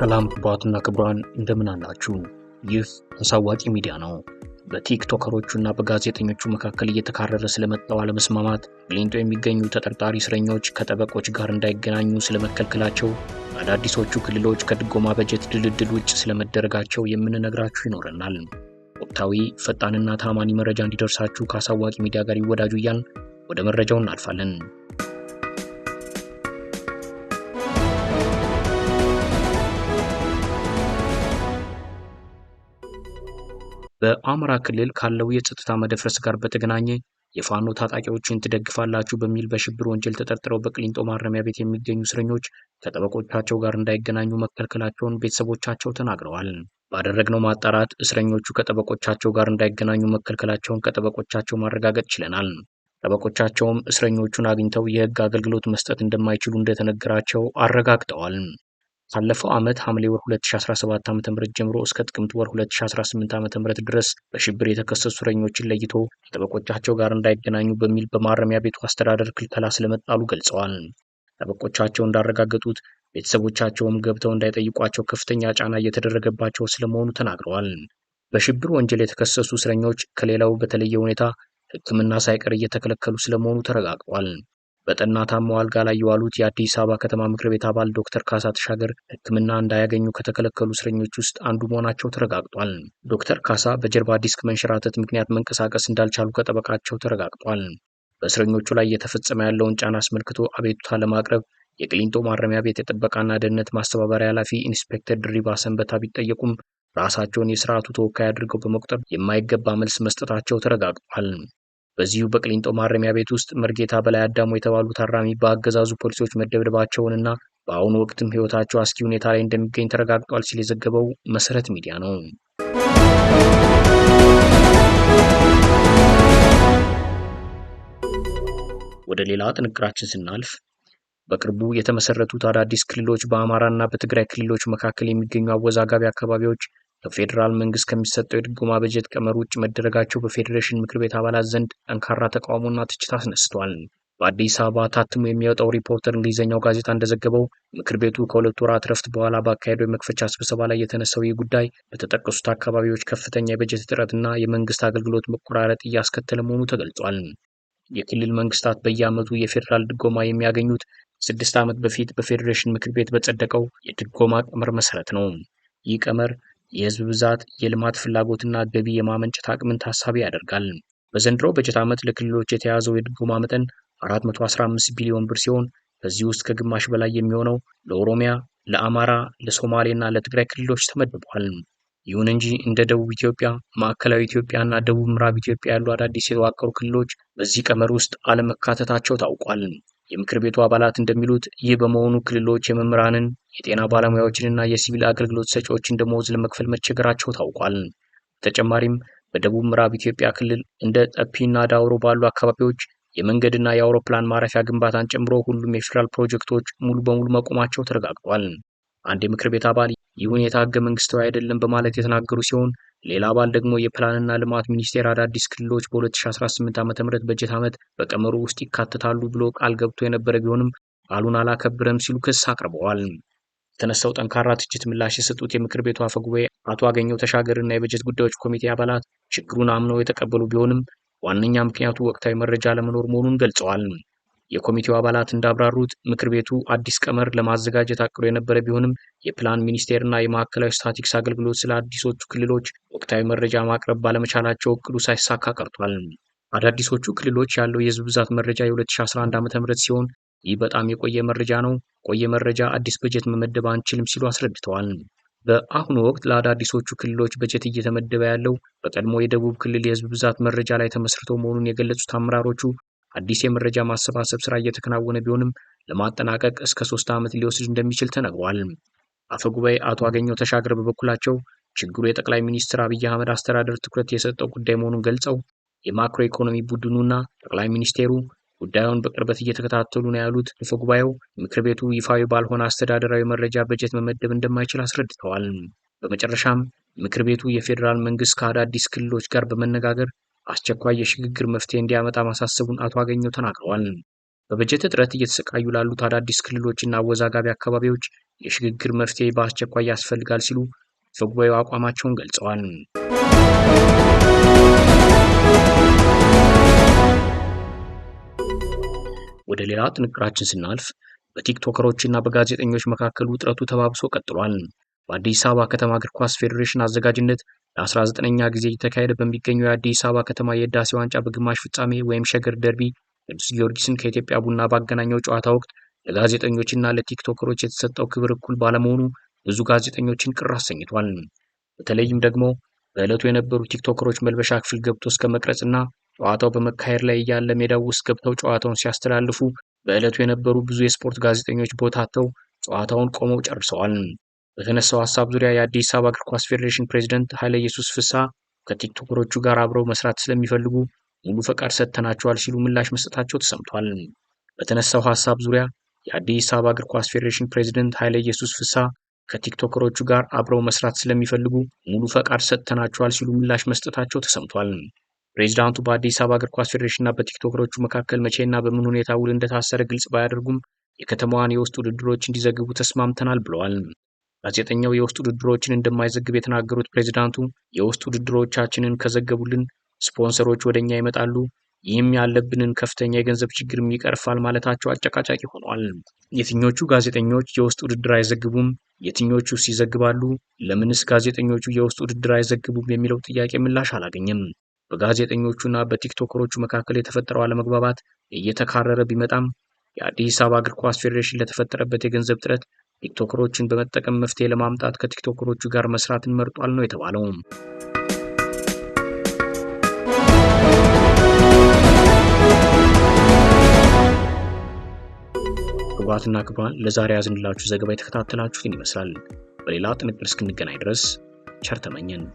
ሰላም ክቡራትና ክቡራን እንደምን አላችሁ? ይህ አሳዋቂ ሚዲያ ነው። በቲክቶከሮቹ እና በጋዜጠኞቹ መካከል እየተካረረ ስለመጣው አለመስማማት ቂሊንጦ የሚገኙ ተጠርጣሪ እስረኞች ከጠበቆች ጋር እንዳይገናኙ ስለመከልከላቸው፣ አዳዲሶቹ ክልሎች ከድጎማ በጀት ድልድል ውጭ ስለመደረጋቸው የምንነግራችሁ ይኖረናል። ወቅታዊ ፈጣንና ታማኒ መረጃ እንዲደርሳችሁ ከአሳዋቂ ሚዲያ ጋር ይወዳጁ እያል ወደ መረጃው እናልፋለን። በአማራ ክልል ካለው የጸጥታ መደፍረስ ጋር በተገናኘ የፋኖ ታጣቂዎችን ትደግፋላችሁ በሚል በሽብር ወንጀል ተጠርጥረው በቅሊንጦ ማረሚያ ቤት የሚገኙ እስረኞች ከጠበቆቻቸው ጋር እንዳይገናኙ መከልከላቸውን ቤተሰቦቻቸው ተናግረዋል። ባደረግነው ማጣራት እስረኞቹ ከጠበቆቻቸው ጋር እንዳይገናኙ መከልከላቸውን ከጠበቆቻቸው ማረጋገጥ ችለናል። ጠበቆቻቸውም እስረኞቹን አግኝተው የሕግ አገልግሎት መስጠት እንደማይችሉ እንደተነገራቸው አረጋግጠዋል። ካለፈው ዓመት ሐምሌ ወር 2017 ዓ.ም ጀምሮ እስከ ጥቅምት ወር 2018 ዓ.ም ድረስ በሽብር የተከሰሱ እስረኞችን ለይቶ ከጠበቆቻቸው ጋር እንዳይገናኙ በሚል በማረሚያ ቤቱ አስተዳደር ክልከላ ስለመጣሉ ገልጸዋል። ጠበቆቻቸው እንዳረጋገጡት ቤተሰቦቻቸውም ገብተው እንዳይጠይቋቸው ከፍተኛ ጫና እየተደረገባቸው ስለመሆኑ ተናግረዋል። በሽብር ወንጀል የተከሰሱ እስረኞች ከሌላው በተለየ ሁኔታ ሕክምና ሳይቀር እየተከለከሉ ስለመሆኑ ተረጋግጧል። በጠና ታመው አልጋ ላይ የዋሉት የአዲስ አበባ ከተማ ምክር ቤት አባል ዶክተር ካሳ ተሻገር ሕክምና እንዳያገኙ ከተከለከሉ እስረኞች ውስጥ አንዱ መሆናቸው ተረጋግጧል። ዶክተር ካሳ በጀርባ ዲስክ መንሸራተት ምክንያት መንቀሳቀስ እንዳልቻሉ ከጠበቃቸው ተረጋግጧል። በእስረኞቹ ላይ እየተፈጸመ ያለውን ጫና አስመልክቶ አቤቱታ ለማቅረብ የቅሊንጦ ማረሚያ ቤት የጥበቃና ደህንነት ማስተባበሪያ ኃላፊ ኢንስፔክተር ድሪባ ሰንበታ ቢጠየቁም ራሳቸውን የስርዓቱ ተወካይ አድርገው በመቁጠር የማይገባ መልስ መስጠታቸው ተረጋግጧል። በዚሁ በቅሊንጦ ማረሚያ ቤት ውስጥ መርጌታ በላይ አዳሙ የተባሉ ታራሚ በአገዛዙ ፖሊሶች መደብደባቸውንና በአሁኑ ወቅትም ህይወታቸው አስጊ ሁኔታ ላይ እንደሚገኝ ተረጋግጧል ሲል የዘገበው መሰረት ሚዲያ ነው። ወደ ሌላ ጥንቅራችን ስናልፍ በቅርቡ የተመሰረቱት አዳዲስ ክልሎች በአማራና በትግራይ ክልሎች መካከል የሚገኙ አወዛጋቢ አካባቢዎች በፌዴራል መንግስት ከሚሰጠው የድጎማ በጀት ቀመር ውጭ መደረጋቸው በፌዴሬሽን ምክር ቤት አባላት ዘንድ ጠንካራ ተቃውሞና ትችት አስነስቷል። በአዲስ አበባ ታትሞ የሚወጣው ሪፖርተር እንግሊዝኛው ጋዜጣ እንደዘገበው ምክር ቤቱ ከሁለት ወራት ረፍት በኋላ ባካሄደው የመክፈቻ ስብሰባ ላይ የተነሳው ይህ ጉዳይ በተጠቀሱት አካባቢዎች ከፍተኛ የበጀት እጥረትና የመንግስት አገልግሎት መቆራረጥ እያስከተለ መሆኑ ተገልጿል። የክልል መንግስታት በየዓመቱ የፌዴራል ድጎማ የሚያገኙት ስድስት ዓመት በፊት በፌዴሬሽን ምክር ቤት በጸደቀው የድጎማ ቀመር መሰረት ነው። ይህ ቀመር የህዝብ ብዛት የልማት ፍላጎትና ገቢ የማመንጨት አቅምን ታሳቢ ያደርጋል። በዘንድሮ በጀት ዓመት ለክልሎች የተያዘው የድጎማ መጠን 415 ቢሊዮን ብር ሲሆን በዚህ ውስጥ ከግማሽ በላይ የሚሆነው ለኦሮሚያ፣ ለአማራ፣ ለሶማሌ እና ለትግራይ ክልሎች ተመድቧል። ይሁን እንጂ እንደ ደቡብ ኢትዮጵያ፣ ማዕከላዊ ኢትዮጵያ እና ደቡብ ምዕራብ ኢትዮጵያ ያሉ አዳዲስ የተዋቀሩ ክልሎች በዚህ ቀመር ውስጥ አለመካተታቸው ታውቋል። የምክር ቤቱ አባላት እንደሚሉት ይህ በመሆኑ ክልሎች የመምህራንን የጤና ባለሙያዎችንና የሲቪል አገልግሎት ሰጪዎችን ደሞዝ ለመክፈል መቸገራቸው ታውቋል። በተጨማሪም በደቡብ ምዕራብ ኢትዮጵያ ክልል እንደ ጠፒና ዳውሮ ባሉ አካባቢዎች የመንገድና የአውሮፕላን ማረፊያ ግንባታን ጨምሮ ሁሉም የፌዴራል ፕሮጀክቶች ሙሉ በሙሉ መቆማቸው ተረጋግጧል። አንድ የምክር ቤት አባል ይህ ሁኔታ ህገ መንግስታዊ አይደለም በማለት የተናገሩ ሲሆን ሌላ አባል ደግሞ የፕላንና ልማት ሚኒስቴር አዳዲስ ክልሎች በ2018 ዓ ም በጀት ዓመት በቀመሩ ውስጥ ይካተታሉ ብሎ ቃል ገብቶ የነበረ ቢሆንም ቃሉን አላከብረም ሲሉ ክስ አቅርበዋል። የተነሳው ጠንካራ ትችት ምላሽ የሰጡት የምክር ቤቱ አፈጉባኤ አቶ አገኘው ተሻገርና የበጀት ጉዳዮች ኮሚቴ አባላት ችግሩን አምነው የተቀበሉ ቢሆንም ዋነኛ ምክንያቱ ወቅታዊ መረጃ ለመኖር መሆኑን ገልጸዋል። የኮሚቴው አባላት እንዳብራሩት ምክር ቤቱ አዲስ ቀመር ለማዘጋጀት አቅዶ የነበረ ቢሆንም የፕላን ሚኒስቴርና የማዕከላዊ ስታቲክስ አገልግሎት ስለ አዲሶቹ ክልሎች ወቅታዊ መረጃ ማቅረብ ባለመቻላቸው እቅዱ ሳይሳካ ቀርቷል። አዳዲሶቹ ክልሎች ያለው የህዝብ ብዛት መረጃ የ2011 ዓ ም ሲሆን ይህ በጣም የቆየ መረጃ ነው። ቆየ መረጃ አዲስ በጀት መመደብ አንችልም ሲሉ አስረድተዋል። በአሁኑ ወቅት ለአዳዲሶቹ ክልሎች በጀት እየተመደበ ያለው በቀድሞ የደቡብ ክልል የህዝብ ብዛት መረጃ ላይ ተመስርቶ መሆኑን የገለጹት አመራሮቹ አዲስ የመረጃ ማሰባሰብ ስራ እየተከናወነ ቢሆንም ለማጠናቀቅ እስከ ሶስት ዓመት ሊወስድ እንደሚችል ተነግሯል። አፈ ጉባኤ አቶ አገኘው ተሻገር በበኩላቸው ችግሩ የጠቅላይ ሚኒስትር አብይ አህመድ አስተዳደር ትኩረት የሰጠው ጉዳይ መሆኑን ገልጸው የማክሮ ኢኮኖሚ ቡድኑና ጠቅላይ ሚኒስቴሩ ጉዳዩን በቅርበት እየተከታተሉ ነው ያሉት አፈ ጉባኤው ምክር ቤቱ ይፋዊ ባልሆነ አስተዳደራዊ መረጃ በጀት መመደብ እንደማይችል አስረድተዋል። በመጨረሻም ምክር ቤቱ የፌዴራል መንግስት ከአዳዲስ ክልሎች ጋር በመነጋገር አስቸኳይ የሽግግር መፍትሄ እንዲያመጣ ማሳሰቡን አቶ አገኘው ተናግረዋል። በበጀት እጥረት እየተሰቃዩ ላሉት አዳዲስ ክልሎችና አወዛጋቢ አካባቢዎች የሽግግር መፍትሄ በአስቸኳይ ያስፈልጋል ሲሉ በጉባኤው አቋማቸውን ገልጸዋል። ወደ ሌላ ጥንቅራችን ስናልፍ በቲክቶከሮችና በጋዜጠኞች መካከል ውጥረቱ ተባብሶ ቀጥሏል። በአዲስ አበባ ከተማ እግር ኳስ ፌዴሬሽን አዘጋጅነት ለ19ኛ ጊዜ እየተካሄደ በሚገኘው የአዲስ አበባ ከተማ የህዳሴ ዋንጫ በግማሽ ፍጻሜ ወይም ሸገር ደርቢ ቅዱስ ጊዮርጊስን ከኢትዮጵያ ቡና ባገናኘው ጨዋታ ወቅት ለጋዜጠኞችና ለቲክቶከሮች የተሰጠው ክብር እኩል ባለመሆኑ ብዙ ጋዜጠኞችን ቅር አሰኝቷል። በተለይም ደግሞ በዕለቱ የነበሩ ቲክቶከሮች መልበሻ ክፍል ገብቶ እስከ መቅረጽና እና ጨዋታው በመካሄድ ላይ እያለ ሜዳው ውስጥ ገብተው ጨዋታውን ሲያስተላልፉ በዕለቱ የነበሩ ብዙ የስፖርት ጋዜጠኞች ቦታተው ጨዋታውን ቆመው ጨርሰዋል። በተነሳው ሀሳብ ዙሪያ የአዲስ አበባ እግር ኳስ ፌዴሬሽን ፕሬዚደንት ኃይለ ኢየሱስ ፍሳ ከቲክቶከሮቹ ጋር አብረው መስራት ስለሚፈልጉ ሙሉ ፈቃድ ሰጥተናቸዋል ሲሉ ምላሽ መስጠታቸው ተሰምቷል። በተነሳው ሀሳብ ዙሪያ የአዲስ አበባ እግር ኳስ ፌዴሬሽን ፕሬዚደንት ኃይለ ኢየሱስ ፍሳ ከቲክቶከሮቹ ጋር አብረው መስራት ስለሚፈልጉ ሙሉ ፈቃድ ሰጥተናቸዋል ሲሉ ምላሽ መስጠታቸው ተሰምቷል። ፕሬዚዳንቱ በአዲስ አበባ እግር ኳስ ፌዴሬሽንና በቲክቶከሮቹ መካከል መቼና በምን ሁኔታ ውል እንደታሰረ ግልጽ ባያደርጉም የከተማዋን የውስጥ ውድድሮች እንዲዘግቡ ተስማምተናል ብለዋል። ጋዜጠኛው የውስጥ ውድድሮችን እንደማይዘግብ የተናገሩት ፕሬዚዳንቱ የውስጥ ውድድሮቻችንን ከዘገቡልን ስፖንሰሮች ወደ እኛ ይመጣሉ፣ ይህም ያለብንን ከፍተኛ የገንዘብ ችግርም ይቀርፋል ማለታቸው አጨቃጫቂ ሆኗል። የትኞቹ ጋዜጠኞች የውስጥ ውድድር አይዘግቡም? የትኞቹ ሲዘግባሉ? ለምንስ ጋዜጠኞቹ የውስጥ ውድድር አይዘግቡም የሚለው ጥያቄ ምላሽ አላገኘም። በጋዜጠኞቹና በቲክቶከሮቹ መካከል የተፈጠረው አለመግባባት እየተካረረ ቢመጣም የአዲስ አበባ እግር ኳስ ፌዴሬሽን ለተፈጠረበት የገንዘብ እጥረት ቲክቶከሮችን በመጠቀም መፍትሄ ለማምጣት ከቲክቶከሮቹ ጋር መስራትን መርጧል ነው የተባለው። ክቡራትና ክቡራን ለዛሬ ያዝንላችሁ ዘገባ የተከታተላችሁትን ይመስላል። በሌላ ጥንቅር እስክንገናኝ ድረስ ቸር ተመኘን።